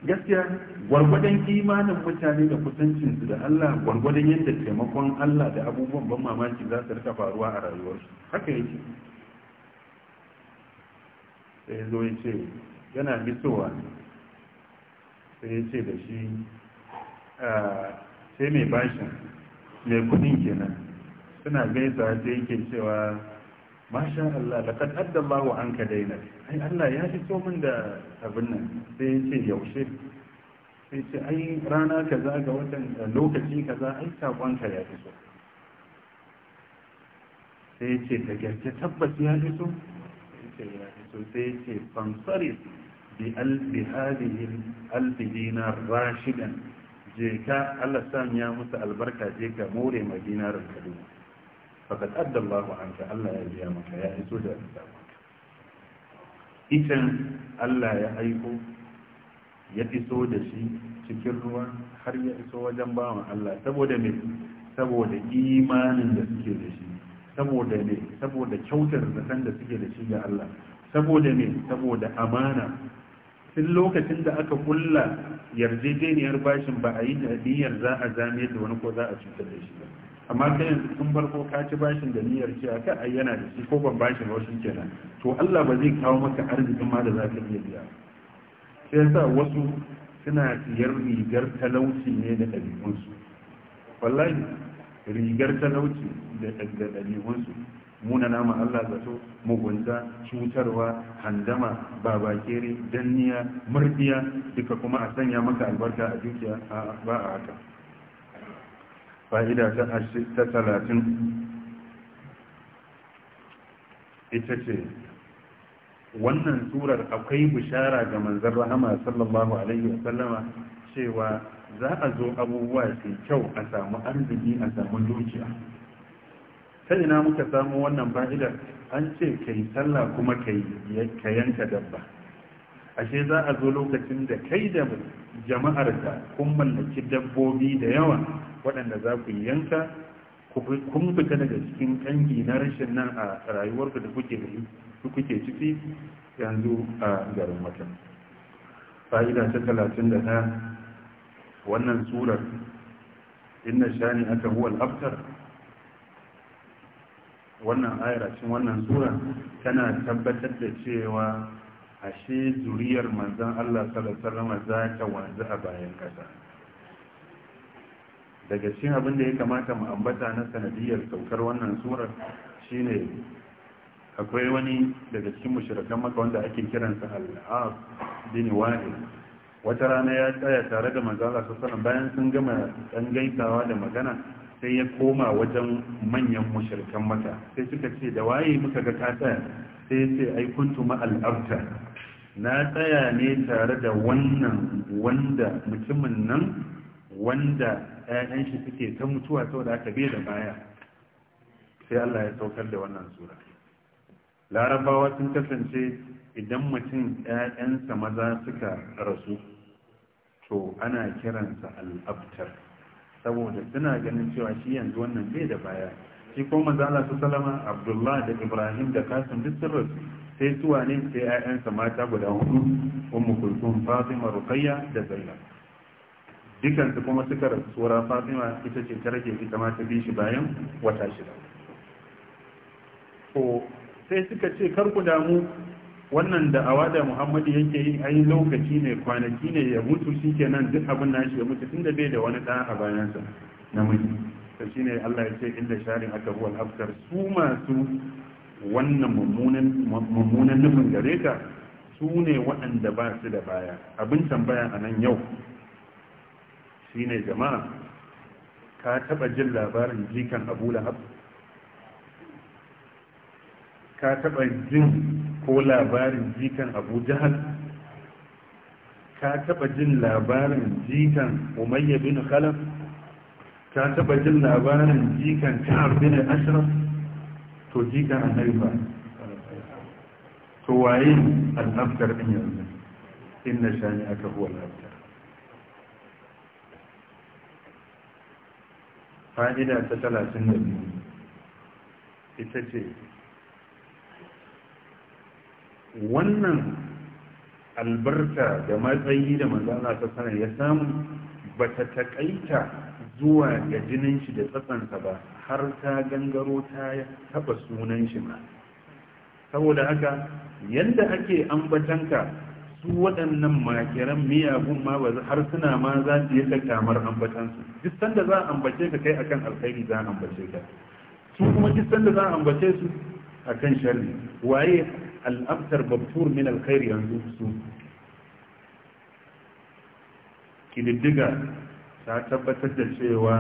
gaskiya gwargwadon imanin mutane da kusancinsu da Allah gwargwadon yadda taimakon Allah da abubuwan ban mamaki za su rika faruwa a rayuwarsu haka yake sai zo ya ce yana misowa sai ya ce da shi ah, sai mai bashin mai kudin kenan suna gaisa sai yake cewa masha Allah da kan adda bawa an ka daina ai Allah ya fito min da abin nan sai ya ce yaushe sai ce ai rana kaza ga watan eh, lokaci kaza ai sakonka ya fito sai ya ce da gaske tabbas ya fito sai ya fito sai ya ce fansari بهذه ألف دينار راشدا جيكا الله سام يا موسى البركة جيكا موري ما دينار الكريم فقد أدى الله عنك الله يا يا إسود إذن الله يا أيكو ya iso da shi cikin ruwa har ya iso wajen bawan Allah saboda me saboda imanin da suke da shi saboda me saboda kyautar zaton da suke da shi ga Allah saboda me saboda amana tun lokacin da aka kulla yarjejeniyar bashin ba a yi da niyyar za a zame da wani ko za a cutar da shi ba amma kai yanzu tun farko ka ci bashin da niyyar cewa ka ai yana da shi ko ban bashin ba shi kenan to Allah ba zai kawo maka arzikin ma da za ka iya biya sai yasa wasu suna siyar rigar talauci ne da ɗabi'unsu wallahi rigar talauci da ɗabi'unsu muna nama Allah zato mugunta cutarwa handama babakere danniya murdiya duka kuma a sanya maka albarka a dukiya ba a haka fa'ida ta talatin ita ce wannan surar akwai bishara ga manzar rahama sallallahu alaihi wasallama cewa za a zo abubuwa sai kyau a samu arziki a samu dukiya ta ina muka samu wannan fa'idar an ce ka yi sallah kuma ka yanka dabba ashe za a zo lokacin da kai da jama'ar ka kun mallaki dabbobi da yawa waɗanda za ku yanka kun fita daga cikin ƙangi na rashin nan a rayuwarku da kuke ciki yanzu a garin mata fa'ida ta talatin da ta wannan surar inna shani aka huwa al'abtar wannan ayar wannan sura tana tabbatar da cewa ashe zuriyar manzon Allah sallallahu alaihi wasallam za ta wanzu a bayan kasa daga cikin abin da ya kamata mu ambata na sanadiyar saukar wannan surar shine akwai wani daga cikin mushrikan maka wanda ake kiransa al dini bin wata rana ya tsaya tare da manzon Allah sallallahu bayan sun gama ɗan gaisawa da magana sai ya koma wajen manyan mushirkan mata sai suka ce da waye muka ga kasa tsaya sai ai kuntu ma al'abta na tsaya ne tare da wannan wanda mutumin nan wanda ƴaƴan shi suke ta mutuwa saboda aka bai da baya sai Allah ya saukar da wannan sura larabawa sun kasance idan mutum ƴaƴansa maza suka rasu to ana kiransa al'abtar saboda suna ganin cewa shi yanzu wannan bai da baya shi ko maza Allah su salama Abdullah da Ibrahim da Kasim duk sun rasu sai su wane sai sa mata guda hudu Ummu kulsum Fatima Ruqayya da Zainab su kuma suka rasu tsora Fatima ita ce ta rage ita ma ta bi bayan wata shida ko sai suka ce kar ku damu wannan da awada muhammadu yake yi ai lokaci ne kwanaki ne ya mutu shi ke nan duk abin nashi ya mutu tun da bai da wani da a bayansa namiji shi ne Allah ya ce inda sharin aka huwa al'afkar su masu wannan mummunan nufin gare ka su ne waɗanda ba su da baya abin tambaya a nan yau shine jama'a ka taɓa jin labarin jikan Abu Lahab ka taɓa jin ko labarin jikan abu jahal ka taba jin labarin jikan umayya bin khalaf ka taba jin labarin jikan ka'ab bin ashraf to jikan annabi ba to waye al afkar din yanzu inna shani aka huwa al afkar fa'ida ta 32 ita ce wannan albarka da matsayi da manzana ta sanar ya samu ba ta taƙaita zuwa ga jinin shi da tsatsansa ba har ta gangaro ta taɓa sunan shi ma saboda haka yadda ake ambatanka su waɗannan makiran miyagun ma ba har suna ma za su yi kamar ambatansu duk sanda za a ambace ka kai akan alkhairi za a ambace ka su kuma duk sanda za a ambace su akan sharri waye al'abtar babtur min alkhairi yanzu su kididdiga ta tabbatar da cewa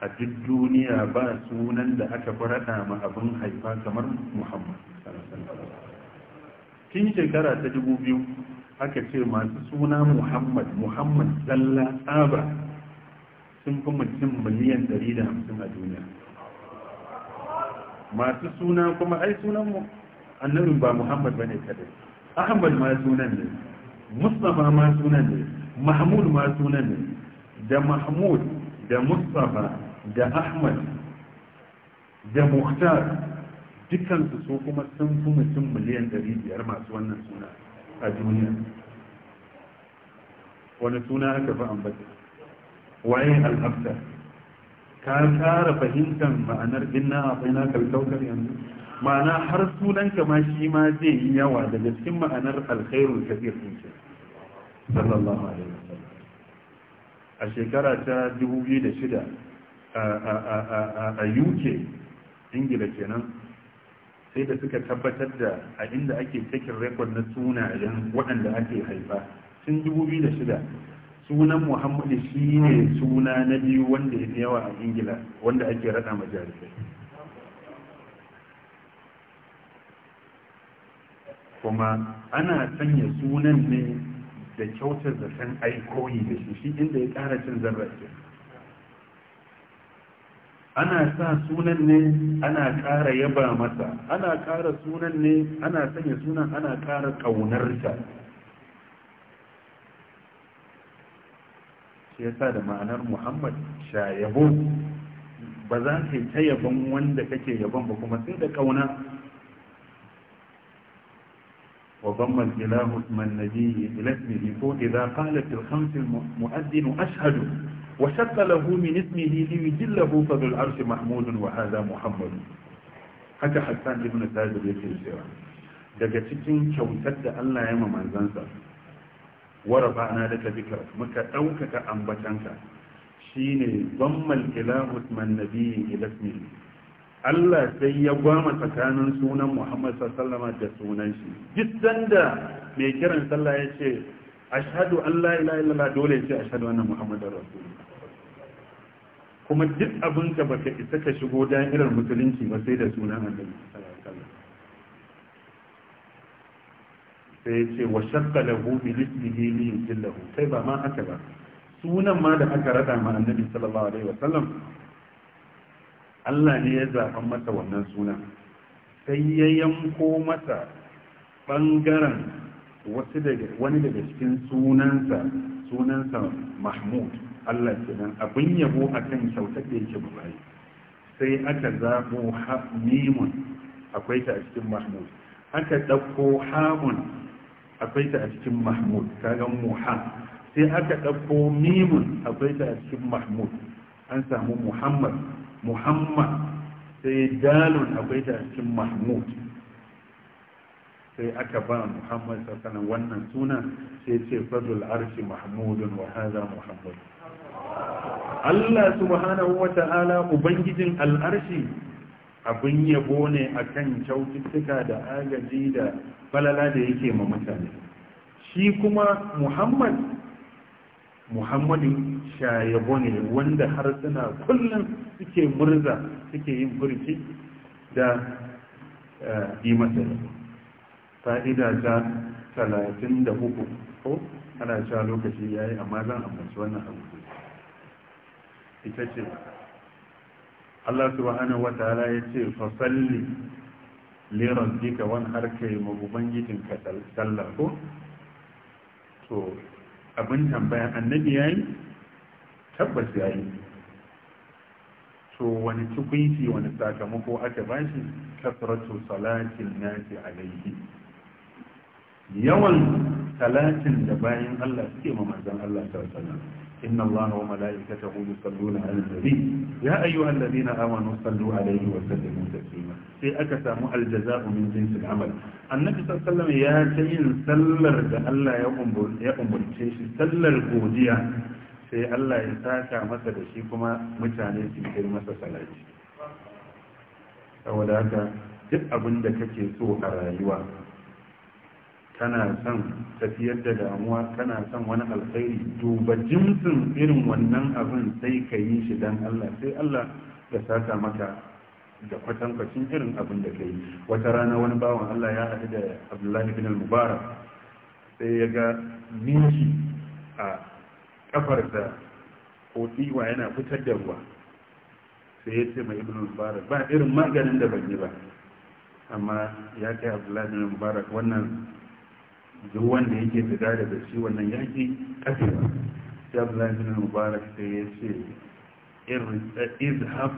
a duk duniya ba sunan da aka farada ma abin haifa kamar muhammad tun shekara ta dubu biyu aka ce masu suna muhammad muhammad zalla tsaba sun fi mutum miliyan 150 a duniya masu suna kuma ai sunan mu annabin ba muhammad ne kadai ahmad ma sunan ne Mustapha ma sunan ne mahmud ma sunan ne da mahmud da Mustapha, da ahmad da muhtar dukansu su kuma sun fi mutum miliyan 500 masu wannan suna a duniya wani suna aka fi ambata waye al'abta ka kara fahimtar ma'anar inna a faina kalkaukar yanzu ma'ana har sunanka ma shi ma zai yi yawa daga cikin ma'anar alkhairul kabir din shi sallallahu alaihi wasallam a shekara ta 2006 a UK Ingila kenan sai da suka tabbatar da a inda ake cikin rekod na sunayen waɗanda ake haifa sun 2006 sunan muhammadu shi ne suna na biyu wanda ya yawa a ingila wanda ake rada majalisai kuma ana sanya sunan ne da kyautar da san aikoyi da shi shi inda ya kara cin zarrafe ana sa sunan ne ana kara yaba masa ana ƙara sunan ne ana sanya sunan ana ƙara ƙaunarta. shi yasa da ma'anar muhammad yabo ba za ka yi ta yaban wanda kake yaban ba kuma sai da ƙauna وضم الإله اسم النبي إلى اسمه فإذا قالت الخمس المؤذن أشهد وشق له من اسمه ليجله فذو العرش محمود وهذا محمد haka hassan ibn tajir yake cewa daga cikin kyautar da Allah ya manzansa warafa na da tabika muka ɗaukaka ambatanka shine zammal ilahu man nabiyyi ila ismihi Allah sai ya gwama tsakanin sunan Muhammad sallama da sunan shi duk sanda mai kiran sallah ya ce ashhadu an la ilaha illallah dole ya ce ashhadu anna muhammadar rasulullah kuma duk abin ka baka isa ka shigo irin musulunci ba sai da sunan annabi sai ya ce wa shakka lahu bi lismihi li yudillahu kai ba ma haka ba sunan ma da aka rada ma annabi sallallahu alaihi wasallam Allah ne ya zaɓa masa wannan suna sai ya yanko masa ɓangaren wani daga cikin sunansa sunansa mahmud Allah kenan abin yabo a kan kyautar da yake bayi sai aka zaɓo mimun akwai ta a cikin mahmud aka ɗauko hamun akwai ta a cikin mahmud kagan muha sai aka ɗauko mimun akwai ta a cikin mahmud an samu muhammad muhammad sai dalun akwai ta cikin mahmud sai aka ba muhammad sassanin wannan suna sai ce fadul arshi mahmudun wa haza muhammad allah subhanahu wa ta'ala ubangijin al'arshi abin yabo ne akan kyaututtuka da agaji da falala da yake ma mutane shi kuma muhammad muhammadin shayabo ne wanda har suna kullum suke murza suke yin furci da eh, yi masa fa'ida ta talatin da hukun ko ana sha lokaci ya yi amma zan ambaci wannan abu ita ce Allah subhanahu wataala ya ce fasalli liran dika wani harkar magubangijinka ka ko to abin tambaya annabi ya yi tabbas ya yi to wani tukunci wani sakamako aka bashi kasratu salatin nasi alaihi yawan salatin da bayan Allah suke ma mazan Allah ta alaihi إن الله وملائكته يصلون على النبي يا أيها الذين آمنوا صلوا عليه وسلموا تسليما في أكثر الجزاء من جنس العمل النبي صلى الله عليه وسلم يا تين سلر الله يقوم بالشيش سلر قوديا sai Allah ya saka masa da shi kuma mutane su kai masa salati saboda haka duk abin da kake so a rayuwa kana son tafiyar da damuwa kana son wani alkhairi duba jimsin irin wannan abin sai ka yi shi dan Allah sai Allah ya saka maka da kwatankwacin irin abin da ka yi wata rana wani bawan Allah ya haɗu da Abdullahi bin al-Mubarak sai ya ga minki a kafarsa da tsiwa yana fitar da ruwa sai ya ce mai ibn mubarak ba irin maganin da ban yi ba amma ya kai abdullahi bin mubarak wannan duk wanda yake fita daga shi wannan yaki kafira sai Abdullahi bin Mubarak sai ya ce izhab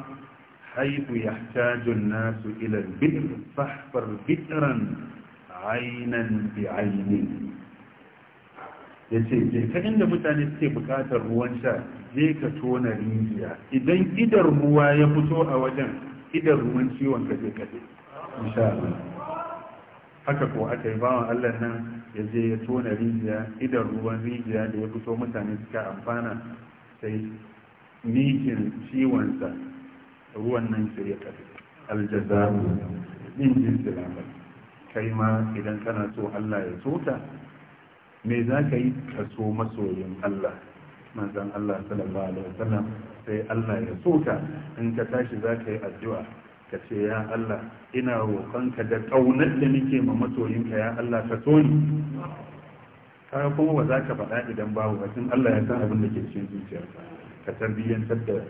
haythu yahtaju an-nasu ila al-bi'r fahfar bi'ran aynan bi'aynin ya ce je ka inda mutane suke bukatar ruwan sha je ka tona rijiya idan idar ruwa ya fito a wajen idar ruwan ciwon kaje-kaje ka insha Allah haka ko aka yi bawan allah nan ya je ya tona rijiya idan ruwan rijiya da ya fito mutane suka amfana sai mikin ciwonsa ruwan nan sai ya tafi aljazaru din jin lamar kai ma idan kana so allah ya tota me za ka yi ka so masoyin allah manzan allah sallallahu alaihi wasallam sai allah ya tota in ka tashi za ka yi addu'a ka ce ya Allah ina roƙonka da ƙaunar da nake ma masoyinka ya Allah ka so ni kuma ba za ka faɗa idan babu ba sun, Allah ya san abin da ke cikin zuciyar. ka tarbiyyantar da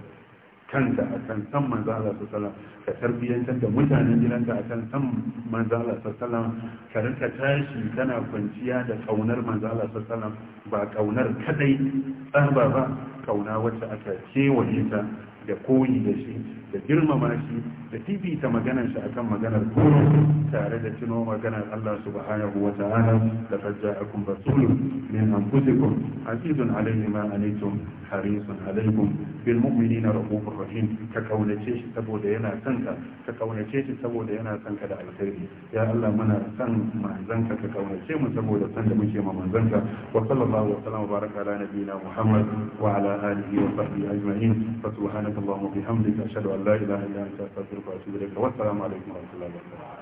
kanka akan san manzo Allah sallallahu alaihi ka tarbiyyantar da mutanen gidanka akan san manzo Allah sallallahu alaihi ka rinka tashi kana kwanciya da ƙaunar manzo Allah sallallahu alaihi ba ƙaunar kadai tsaba ba Ƙauna wacce aka kewaye ta da koyi da shi da girmama shi da fifita maganar shi akan maganar kowa tare da tuno maganar Allah subhanahu wa ta'ala da fajja'akum rasulun min anfusikum azizun alayhi ma alaytum harisun alaykum bil na rahufur rahim ka kaunace shi saboda yana son ka ka kaunace shi saboda yana son ka da alkhairi ya Allah muna son manzanka ka kaunace mu saboda son da muke ma manzanka wa sallallahu wa sallam baraka ala nabiyyina muhammad wa ala alihi wa sahbihi ajma'in fa subhanakallahumma bihamdika ashhadu an la ilaha illa anta astaghfiruka da atubu ilayk wa assalamu alaikum